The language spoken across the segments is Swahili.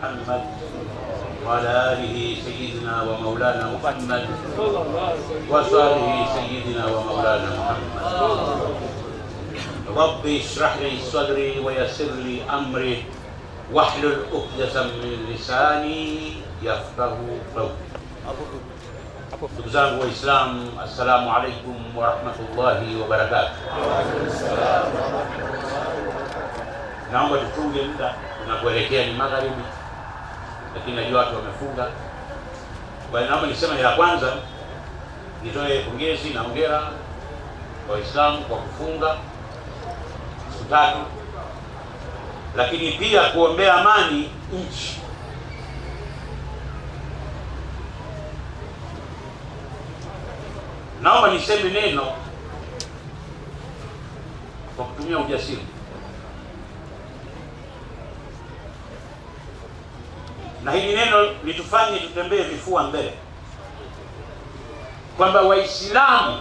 محمد وعلى آله سيدنا ومولانا محمد وصاله سيدنا ومولانا محمد ربي اشرح لي صدري ويسر لي أمري واحلل عقدة من لساني يفقه قولي Tuzangu Islam, assalamu alaikum warahmatullahi wabarakatuh. Naomba tufunge muda, tunakuelekea ni magharibi. lakini najua watu wamefunga. Kwa hiyo naomba niseme ya kwanza, nitoe pongezi na hongera kwa Waislamu kwa kufunga siku tatu, lakini pia kuombea amani nchi. Naomba niseme neno kwa kutumia ujasiri. na hili neno litufanye tutembee vifua mbele, kwamba Waislamu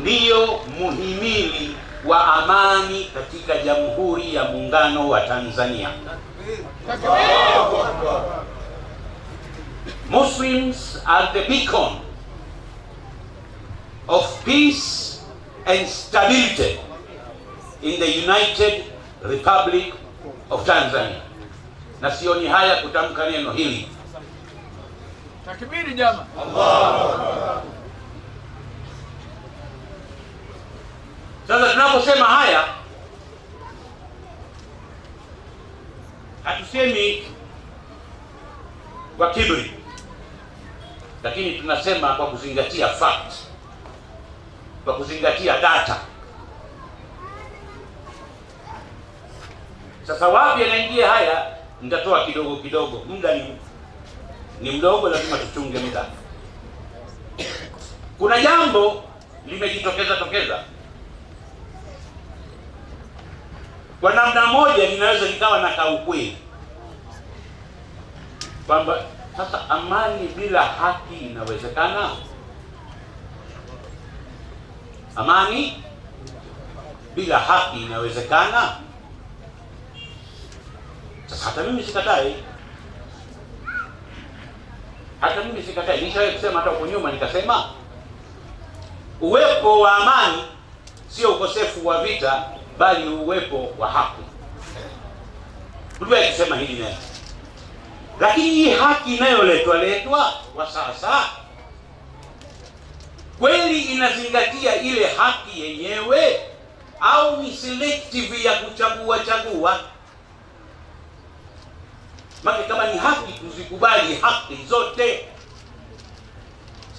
ndiyo muhimili wa amani katika Jamhuri ya Muungano wa Tanzania. Muslims are the beacon of peace and stability in the United Republic of Tanzania na sioni haya kutamka neno hili. Takbiri jama, Allahu Akbar. Sasa tunaposema haya hatusemi kwa kibri lakini tunasema kwa kuzingatia fact, kwa kuzingatia data. Sasa wapi yanaingia haya? nitatoa kidogo kidogo, muda ni ni mdogo, lazima tuchunge muda. Kuna jambo limejitokeza tokeza kwa namna moja, ninaweza nikawa na kaukweli kwamba sasa amani bila haki inawezekana? Amani bila haki inawezekana? Hata mimi sikatai, hata mimi sikatai. Nishawahi kusema hata huko nyuma, nikasema uwepo wa amani sio ukosefu wa vita, bali uwepo wa haki. Tuliwahi kusema hili neno, lakini hii haki inayoletwa letwa kwa sasa kweli inazingatia ile haki yenyewe au ni selective ya kuchagua chagua? Maana kama ni haki tuzikubali haki zote,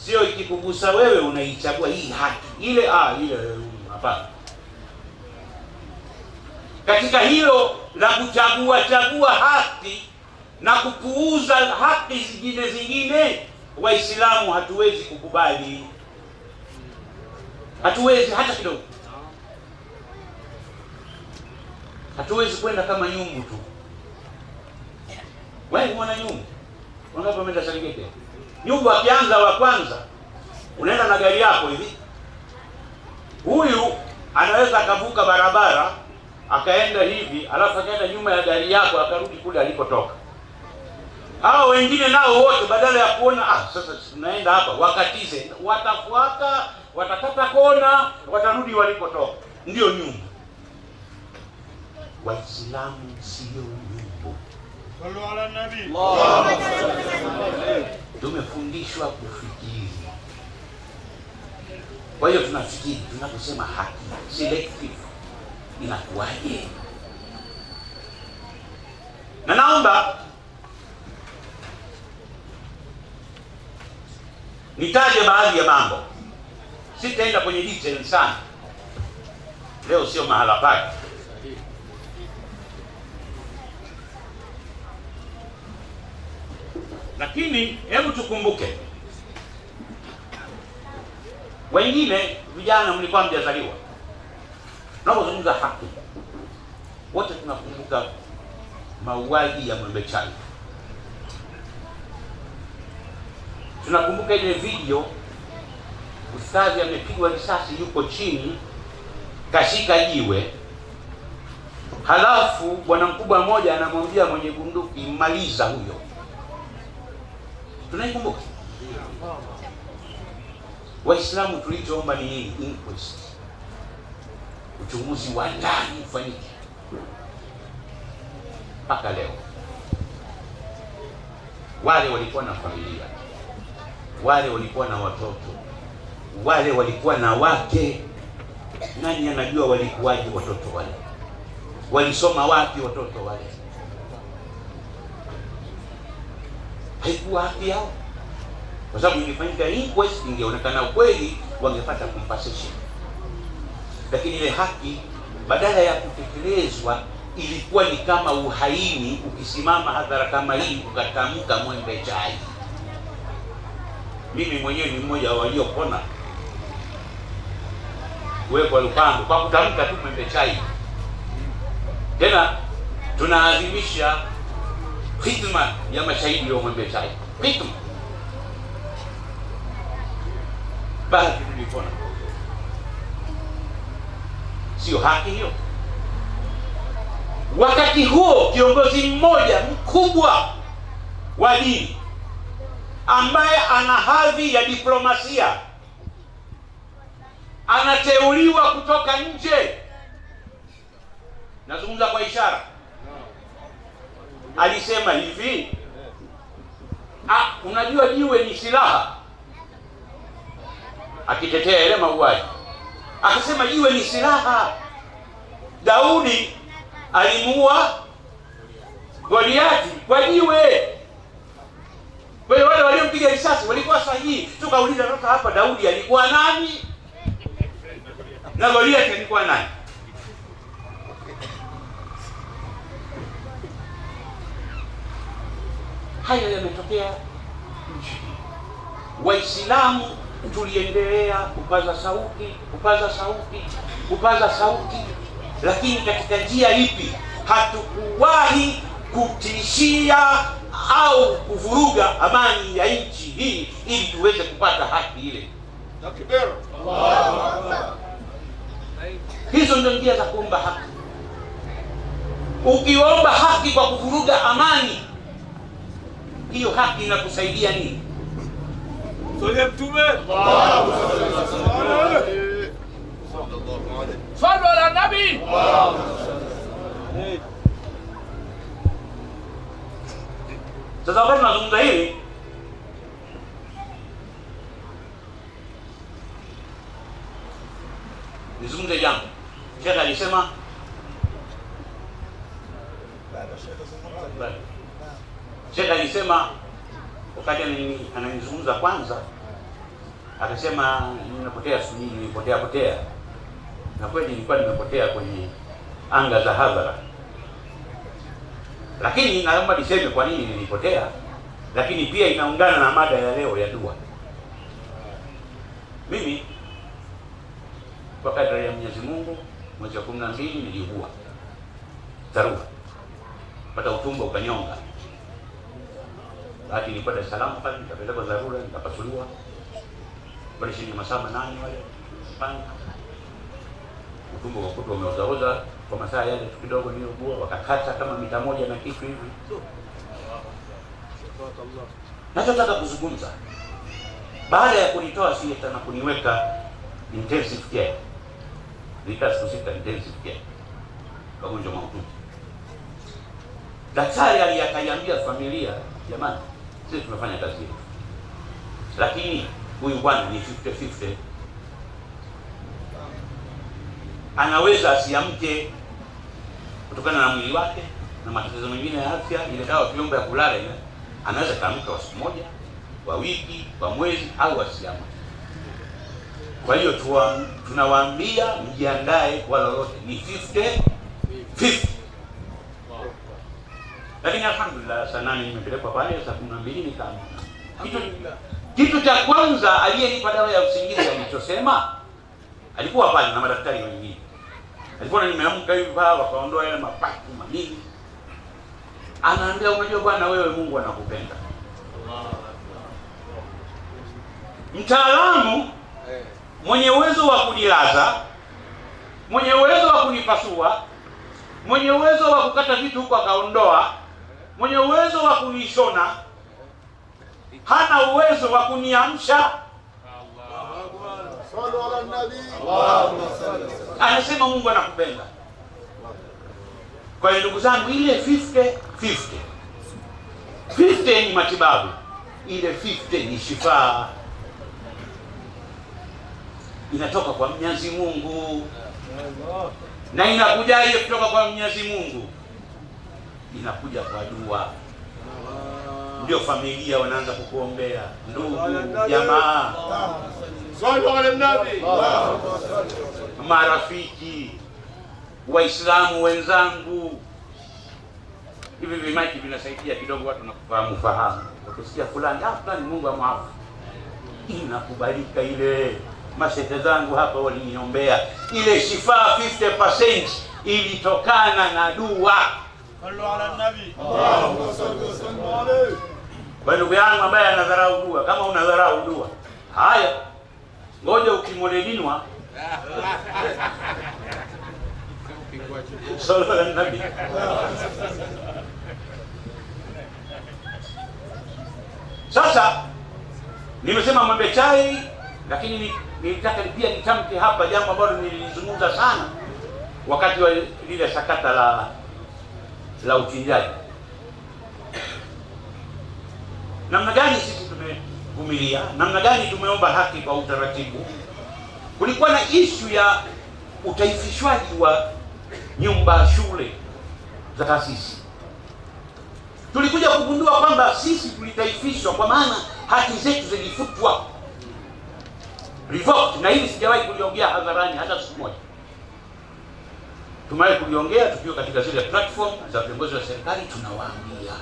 sio ikikugusa wewe unaichagua hii haki ile, ah, ile eh, hapana. Katika hilo la kuchagua chagua haki na kupuuza haki zingine zingine, Waislamu hatuwezi kukubali, hatuwezi hata kidogo, hatuwezi kwenda kama nyumbu tu wewe mwana nyumba wangapi kwenda Serengeti? Nyumba akianza wa kwanza, unaenda na gari yako hivi, huyu anaweza akavuka barabara akaenda hivi, alafu akaenda nyuma ya gari yako akarudi kule alikotoka. Hao wengine nao wote badala ya kuona ah, sasa tunaenda hapa, wakatize, watafuata, watakata kona, watarudi walikotoka. ndio nyumba. Waislamu sio tumefundishwa kufikiri. Kwa hiyo tunafikiri, tunaposema haki selective inakuwaje? Na naomba nitaje baadhi ya mambo, sitaenda kwenye sana leo, sio mahala pake Lakini hebu tukumbuke, wengine vijana mlikuwa mjazaliwa, nakozungumza haki, wote tunakumbuka mauaji ya Mwembe Chai, tunakumbuka ile video ustadhi amepigwa risasi, yuko chini, kashika jiwe, halafu bwana mkubwa mmoja anamwambia mwenye bunduki, mmaliza huyo tunaikumbuka Waislamu, tulichoomba ni nini? Inquest, uchunguzi wa ndani ufanyike. Mpaka leo wale walikuwa na familia, wale walikuwa na watoto, wale walikuwa na wake. Nani anajua walikuwaje watoto wale? Walisoma wapi watoto wale? haikuwa haki yao, kwa sababu ingefanyika inquest, ingeonekana kweli, wangepata compensation. Lakini ile haki badala ya kutekelezwa ilikuwa ni kama uhaini. Ukisimama hadhara kama hii ukatamka mwembe chai, mimi mwenyewe ni mmoja wa waliopona kuwekwa Lupango kwa kutamka tu mwembe chai. Tena tunaadhimisha hikma ya mashahidi aliyomwambia shahidi, hikma bahati tulipona, sio haki hiyo. Wakati huo kiongozi mmoja mkubwa wa dini ambaye ana hadhi ya diplomasia anateuliwa kutoka nje, nazungumza kwa ishara alisema hivi ah, unajua jiwe ni silaha, akitetea ile mauaji akasema jiwe ni silaha. Daudi alimuua Goliati kwa jiwe. Kwa hiyo wale waliompiga risasi walikuwa sahihi. Tukauliza toka hapa, Daudi alikuwa nani na Goliati alikuwa nani? hayo yametokea Waislamu tuliendelea kupaza sauti, kupaza sauti, kupaza sauti, lakini katika njia ipi? Hatukuwahi kutishia au kuvuruga amani ya nchi hii ili tuweze kupata haki ile. Hizo ndio njia za kuomba haki. Ukiomba haki kwa kuvuruga amani hiyo haki inakusaidia nini? Mtume sallu la nabi. Sasa wakati tunazungumza hili, nizungumze jambo. Shekhe alisema Sheikh alisema wakati ananizungumza kwanza, akasema ninapotea, sunii, nimepotea potea, na kweli nilikuwa nimepotea kwenye anga za hadhara, lakini naomba niseme kwa nini nilipotea, lakini pia inaungana na mada ya leo ya dua. Mimi kwa kadri ya Mwenyezi Mungu mwezi wa kumi na mbili niliugua dharura, pata utumbo ukanyonga Bahati nilikuwa Dar es Salaam pale, nikapelekwa dharura, nikapasuliwa operesheni masaa manane wale panga utumbo kwa kutu umeozaoza kwa masaa yale tu kidogo niliyougua, wakakata kama mita moja na kitu hivi. Nachotaka kuzungumza baada ya kunitoa sieta na kuniweka intensive care, nilikaa siku sita intensive care wagonjwa mahututi. Daktari aliyakaiambia familia, jamani sisi tumefanya kazi hiyo, lakini huyu bwana ni 50 50 anaweza asiamke kutokana na mwili wake na matatizo mengine ya afya, ile dawa vyombo ya kulala ile, anaweza kaamka wa siku moja, wa wiki, wa mwezi au asiamke. Kwa hiyo tunawaambia mjiandae kwa lolote, ni 50 50. Lakini alhamdulillah saa nane nimepelekwa pale, saa kumi na mbili nikaamka. Kitu, cha kwanza aliyenipa dawa ya usingizi alichosema alikuwa pale na madaktari wengine, alikuwa nimeamka hivi paa, wakaondoa yale mapaki manini, anaambia unajua bwana, wewe Mungu anakupenda. Mtaalamu mwenye uwezo wa kunilaza, mwenye uwezo wa kunipasua, mwenye uwezo wa kukata vitu huko akaondoa mwenye uwezo wa kunishona hana uwezo wa kuniamsha. Anasema Mungu anakupenda. Kwa hiyo ndugu zangu, ile 50 50 50 ni matibabu, ile 50 ni shifaa, inatoka kwa Mwenyezi Mungu na inakujaje kutoka kwa Mwenyezi Mungu? inakuja kwa dua, ndio familia wanaanza kukuombea, ndugu jamaa, marafiki, Waislamu wenzangu. Hivi vimaiki vinasaidia kidogo, watu nakufahamu fahamu, wakisikia fulani ah, fulani, Mungu amwafu, inakubalika ile Mashehe zangu hapa waliniombea ile shifa 50% ilitokana na dua. Kwa ndugu yangu ambaye anadharau dua, kama unadharau dua, haya ngoja ukimoledinwa Sasa nimesema mwembe chai, lakini nilitaka pia nitamke hapa jambo ambalo nilizungumza sana wakati wa lile sakata la la uchinjaji. Namna gani sisi tumevumilia, namna gani tumeomba haki kwa utaratibu. Kulikuwa na ishu ya utaifishwaji wa nyumba shule za taasisi. Tulikuja kugundua kwamba sisi tulitaifishwa, kwa maana haki zetu zilifutwa, revoked, na hili sijawahi kuliongea hadharani hata siku moja tumewahi kuliongea tukiwa katika zile platform za viongozi wa serikali, tunawaambia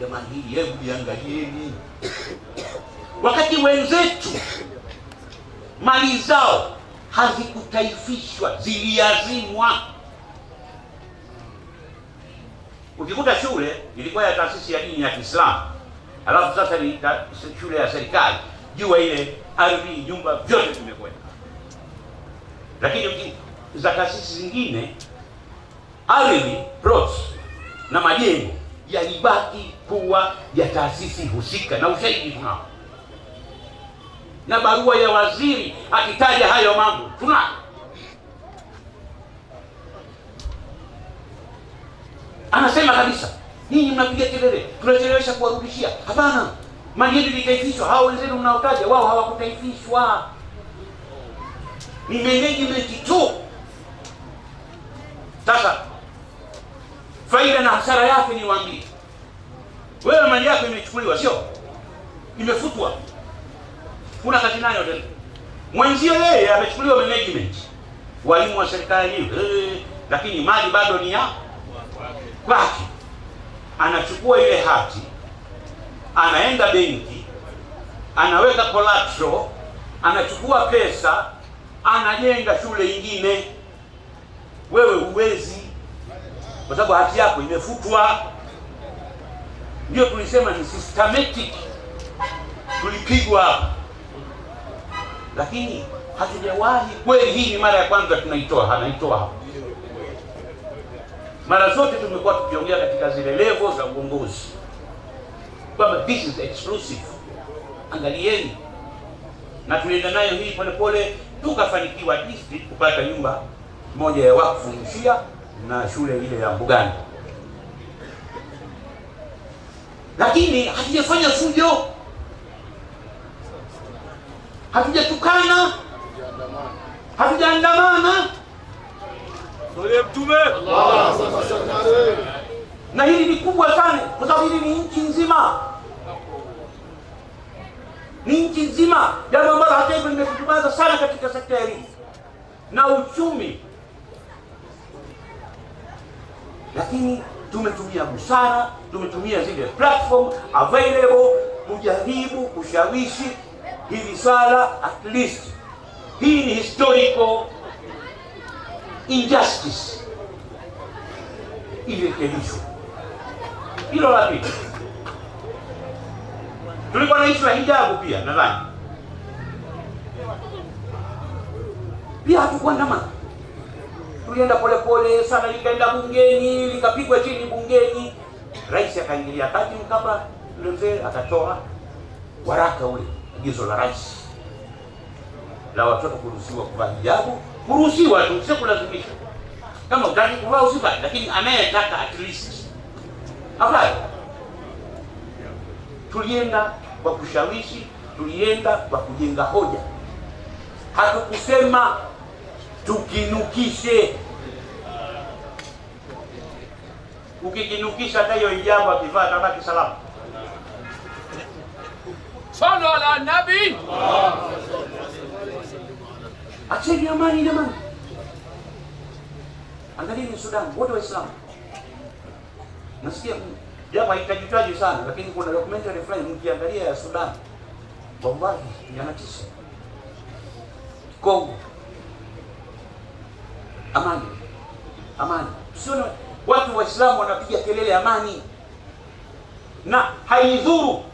jamani, hii hebu iangalieni, wakati wenzetu mali zao hazikutaifishwa ziliazimwa. Ukikuta shule ilikuwa ya taasisi ya dini ya Kiislamu alafu sasa ni shule ya serikali, jua ile ardhi, nyumba, vyote vimekwenda, lakini za taasisi zingine, ardhi plots na majengo yalibaki kuwa ya taasisi husika, na ushahidi tunao, na barua ya waziri akitaja hayo mambo tunao. Anasema kabisa, ninyi mnapiga kelele tunachelewesha kuwarudishia. Hapana, mali litaifishwa ilitaifishwa. Hao wenzenu mnaotaja wao hawakutaifishwa, ni management tu. Sasa faida na hasara yake niwaambie, wewe mali yako imechukuliwa, sio imefutwa, kuna kazi nayo tena. Mwenzio yeye amechukuliwa management, walimu wa serikali eh, lakini mali bado ni ya kwake. Anachukua ile hati, anaenda benki, anaweka collateral, anachukua pesa, anajenga shule nyingine wewe huwezi, kwa sababu hati yako imefutwa. Ndio tulisema ni systematic, tulipigwa, lakini hatujawahi kweli. Hii ni mara ya kwanza tunaitoa, anaitoa hapo. Mara zote tumekuwa tukiongea katika zile levo za uongozi kwamba this is exclusive, angalieni, na tulienda nayo hii polepole, tukafanikiwa kupata nyumba moja ya wakfu Mshia na shule ile ya Mbugani, lakini hatujafanya fujo, hatujatukana, hatujaandamana Mtume na hili ni kubwa sana, kwa sababu hili ni nchi nzima, ni nchi nzima, jambo ambalo hata hivyo limetutumaza sana katika sekta ya elimu na uchumi. lakini tumetumia busara, tumetumia zile platform available kujaribu kushawishi hili sala. At least hii ni historical injustice irekebishwe. Hilo la pili. Tulikuwa na issue ya hijabu pia, nadhani pia hatukuandamana tulienda polepole sana, likaenda bungeni, likapigwa chini bungeni. Rais akaingilia kati, Mkapa yule mzee akatoa waraka ule, agizo la rais la watoto kuruhusiwa kuvaa hijabu, kuruhusiwa tu, sio kulazimisha. Kama utaki kuvaa usivae, lakini anayetaka at least avae. Tulienda kwa kushawishi, tulienda kwa kujenga hoja, hatukusema tukinukishe. Ukikinukisha hata hiyo hijabu akivaa tabaki salama. Sala ala nabi. Acheni amani jamani. Angalieni Sudan, wote Waislamu. Nasikia japo haitajitaji sana lakini kuna documentary fulani mkiangalia ya Sudan. Wallahi yanatisha. Kongo maendeleo ya amani na haidhuru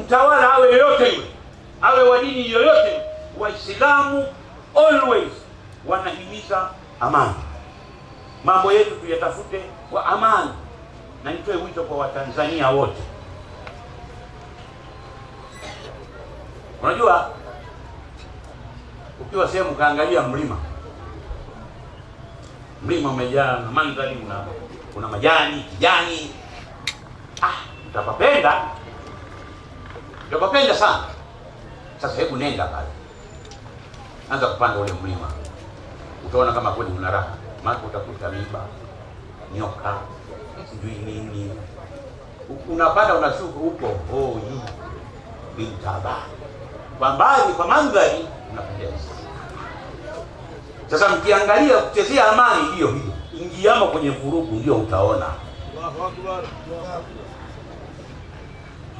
mtawala awe yoyote yule, awe wa dini yoyote. Waislamu always wanahimiza amani, mambo yetu tuyatafute kwa amani, na nitoe wito kwa Watanzania wote. Unajua, ukiwa sehemu kaangalia mlima, mlima umejaa na mandhari una kuna majani kijani, ah, utapapenda, utapapenda sana. Sasa hebu nenda pale, anza kupanda ule mlima, utaona kama kweli una raha, maana utakuta miba, nyoka, sijui nini. Unapanda unashuka, huko oh, bintaba kwa mbali, kwa mandhari unapendeza. Sasa mkiangalia kuchezea amani hiyo hiyo ingiamo kwenye vurugu, ndio utaona,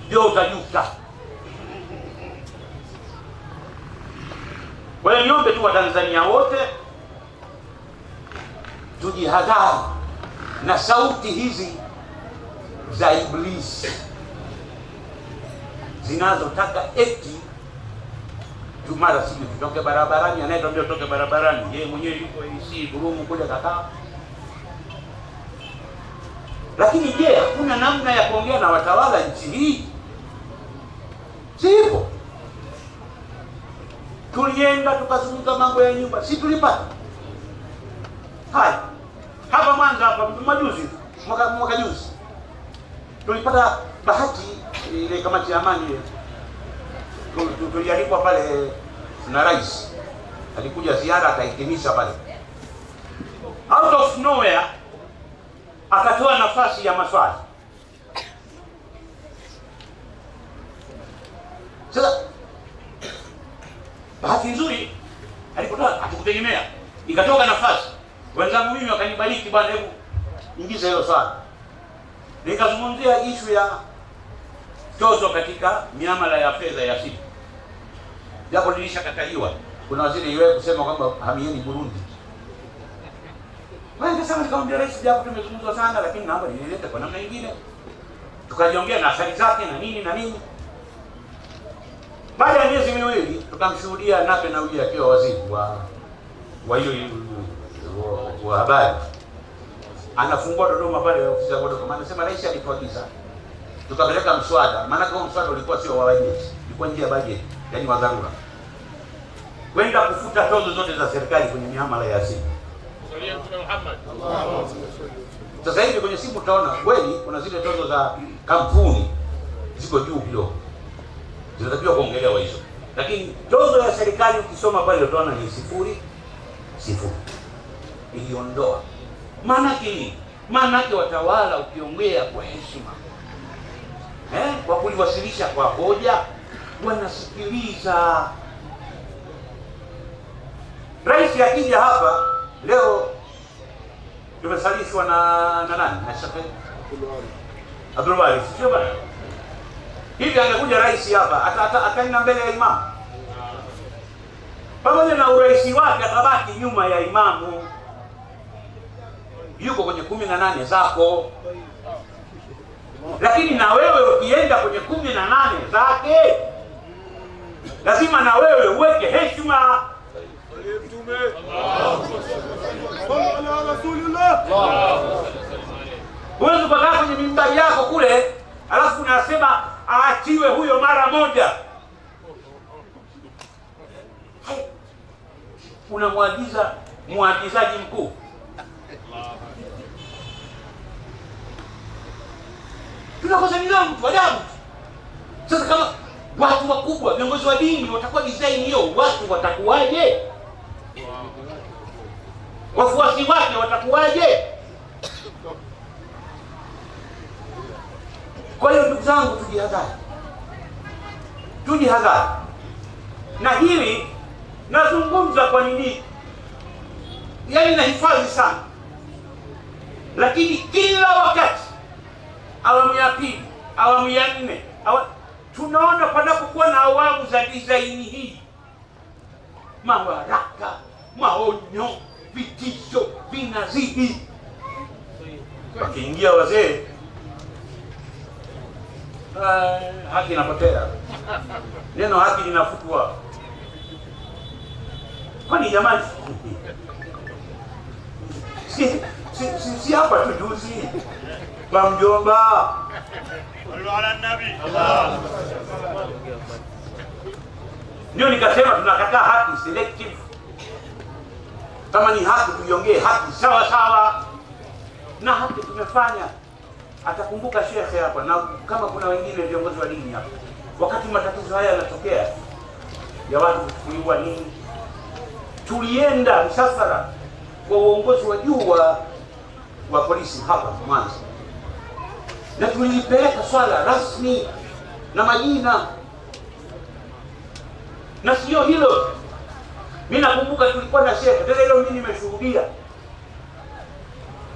ndio utajuta. Kwa hiyo niombe tu Watanzania wote tujihadhari na sauti hizi za Iblisi zinazotaka eti tumara, mara sijui tutoke barabarani, anayetuambia tutoke barabarani yeye mwenyewe yuko AC Burumu kuja kakaa lakini je, hakuna namna ya kuongea na watawala nchi hii? Sipo. Tulienda tukazunguka mambo ya nyumba, si tulipata haya hapa Mwanza hapa majuzi, mwaka mwaka juzi tulipata bahati ile kamati ya amani ile tulialikwa pale na rais alikuja ziara akahitimisha pale out of nowhere akatoa nafasi ya maswali. Sasa bahati nzuri alipotoa hatukutegemea, ikatoka nafasi, wenzangu mimi wakanibariki, bwana, hebu ingiza hilo swali. Nikazungumzia ishu ya tozo katika miamala ya fedha ya simu, japo nilishakataliwa. Kuna waziri iwe kusema kwamba hamieni Burundi wewe sasa nikamwambia rais japo tumezungumza sana lakini naomba nilete kwa namna nyingine. Tukajiongea na athari zake na nini na nini. Baada ya miezi miwili tukamshuhudia Nape na Nnauye akiwa waziri wa wa hiyo wa habari. Anafungua Dodoma pale ofisi ya Dodoma. sema rais alipoagiza. Tukapeleka mswada. Maana kwa mswada ulikuwa sio wa bajeti, ulikuwa nje ya bajeti, yani wa dharura. Kwenda kufuta tozo zote za serikali kwenye miamala ya simu. Sasa hivi kwenye simu utaona kweli kuna zile tozo za kampuni ziko juu kidogo, zinatakiwa kuongelewa hizo, lakini tozo ya serikali ukisoma pale utaona ni sifuri sifuri, iliondoa. Maanake nini? Maanake watawala ukiongea kwa heshima eh, kwa kuliwasilisha kwa hoja, wanasikiliza. Rais akija hapa Leo tumesalishwa na na nani? Na Sheikh Abdul Wali, sio bwana? Hivi anakuja rais hapa ata ataenda mbele ya imamu, pamoja na uraisi wake atabaki nyuma ya imamu, yuko kwenye kumi na nane zako, lakini na wewe ukienda kwenye kumi na nane zake lazima na wewe uweke heshima Mtume, salla ala rasulillah. Huwezi ukakaa kwenye mimbari yako kule alafu unasema aachiwe huyo mara moja, unamwagiza mwagizaji mkuu. Tunakosa nidhamu tu, adabu. Sasa kama watu wakubwa, viongozi wa dini watakuwa design hiyo, watu watakuwaje? wafuasi wake watakuwaje? Kwa hiyo ndugu zangu, tujihadhari, tujihadhari na hili nazungumza kwa nini, yaani nahifadhi sana, lakini kila wakati awamu ya pili, awamu ya nne awa... tunaona panapokuwa na awamu za dizaini hii, mawaraka, maonyo vitisho vinazidi. Wakiingia wazee, eh, haki inapotea, neno haki linafutwa. Kwani jamani, si si hapa si, tujuzi kwa mjomba ndio nikasema tunakataa haki selective kama ni haki tuiongee haki sawa sawa, na haki tumefanya. Atakumbuka shekhe hapa, na kama kuna wengine viongozi wa dini hapa, wakati matatizo haya yanatokea ya watu kuchukuliwa nini, tulienda msafara kwa uongozi wa juu wa wa polisi hapa Mwanza, na tulipeleka swala rasmi na majina, na sio hilo mimi nakumbuka tulikuwa na shehe tena, hilo mimi nimeshuhudia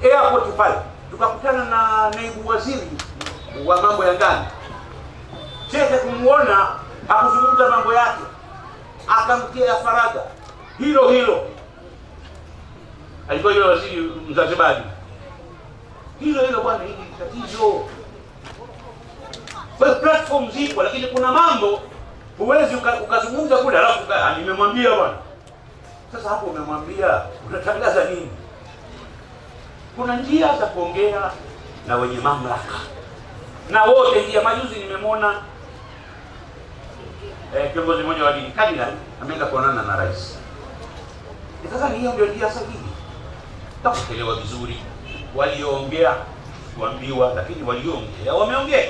airport pale, tukakutana na naibu waziri wa mambo ya ndani. Shehe kumuona akuzungumza mambo yake, akamtia faraga hilo hilo, alikuwa yule waziri Mzanzibari, hilo hilo bwana, hili tatizo kwa platform zipo, lakini kuna mambo huwezi ukazungumza uka kule, alafu nimemwambia bwana sasa hapo umemwambia, unatangaza nini? Kuna njia za kuongea na wenye mamlaka na wote ndio. Majuzi nimemwona eh, kiongozi mmoja wa dini kardinali ameenda kuonana na rais. E, sasa ni hiyo ndio njia sahihi, takupelewa vizuri. Walioongea kuambiwa, lakini walioongea wameongea,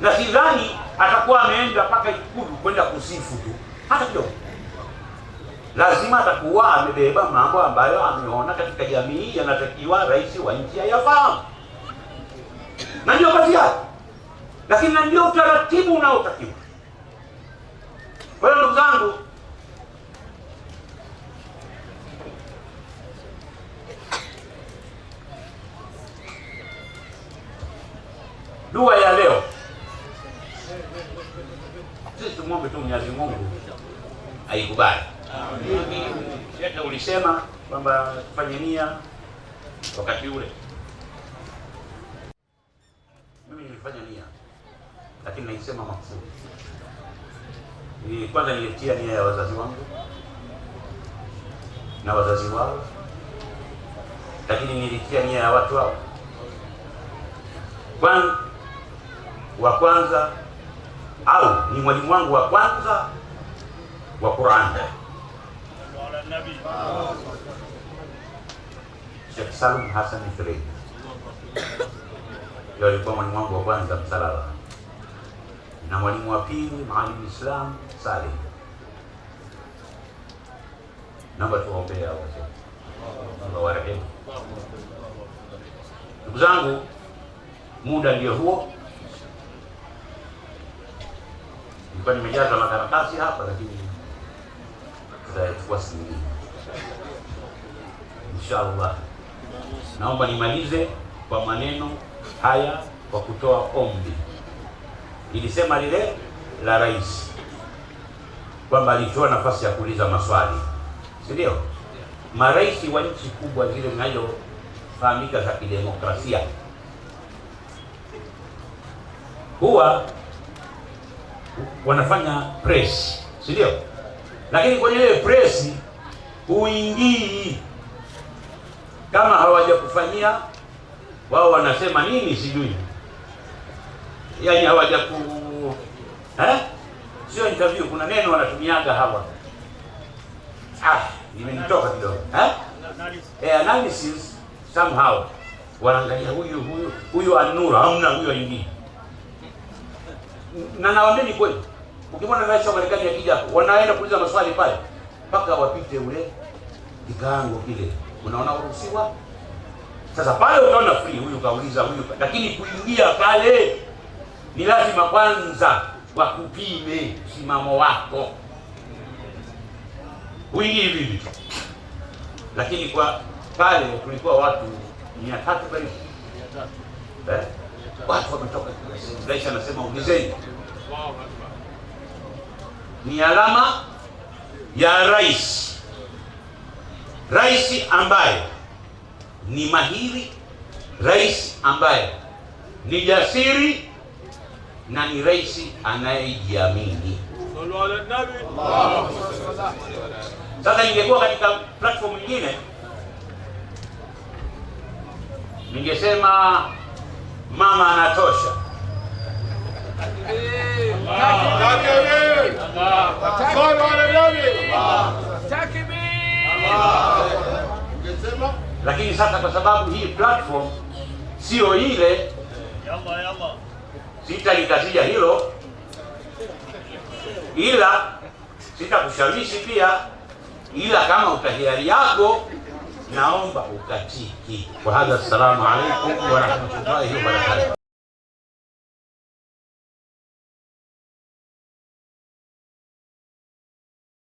na sidhani atakuwa ameenda mpaka Ikulu kwenda kusifu tu hata kidogo lazima atakuwa amebeba mambo ambayo ameona katika jamii yanatakiwa rais wa nchi ayafahamu, na ndio kazi yake, lakini na ndio utaratibu unaotakiwa. Kwa hiyo ndugu zangu, dua ya leo sisi tumwombe tu Mwenyezi Mungu aikubali na ulisema kwamba tufanye nia wakati ule, mimi nilifanya nia, lakini naisema makusudi. Kwanza nilitia nia ya wazazi wangu na wazazi wao, lakini nilitia nia ya watu hao kwan, wa kwanza au ni mwalimu wangu wa kwanza wa Qur'an nabii Sheikh Salum Hassan Fredi ndio alikuwa mwalimu wangu wa kwanza Msalala, na mwalimu wa pili Maalim Islam Saleh. Naomba tuwaombee hao wote, Allah warehemu. Ndugu zangu, muda ndio huo. Nilikuwa nimejaza makaratasi hapa lakini tutayachukua inshallah. Naomba nimalize kwa maneno haya kwa kutoa ombi. ilisema lile la rais kwamba alitoa nafasi ya kuuliza maswali, si ndio? Marais wa nchi kubwa zile zinazofahamika za kidemokrasia huwa wanafanya press, si ndio? lakini kwenye ile presi huingii kama hawajakufanyia wao wanasema nini sijui, yaani hawajaku eh, sio interview, kuna neno wanatumiaga hawa ah, nimenitoka kidogo eh? Eh, analysis somehow wanaangalia huyu huyu huyu, anura hamna huyu ingine na nawaambia ni kweli Ukimwona rais wa Marekani akija, wanaenda kuuliza maswali pale mpaka wapite ule kigango kile, unaona uruhusiwa. Sasa pale utaona free, huyu kauliza huyu, lakini kuingia pale ni lazima kwanza wakupime msimamo wako, wingi hivi Lakini kwa pale kulikuwa watu mia tatu karibu eh? watu wametoka, rais anasema Wow ni alama ya rais, rais ambaye ni mahiri, rais ambaye ni jasiri na ni rais anayejiamini. Sasa ingekuwa katika platform nyingine, ningesema mama anatosha. Lakini sasa kwa sababu hii platform sio ile, sitalitazia hilo, ila sitakushawishi pia, ila kama utahiari yako naomba ukatiki. hadha assalamu alaikum warahmatullahi wabarakatuh.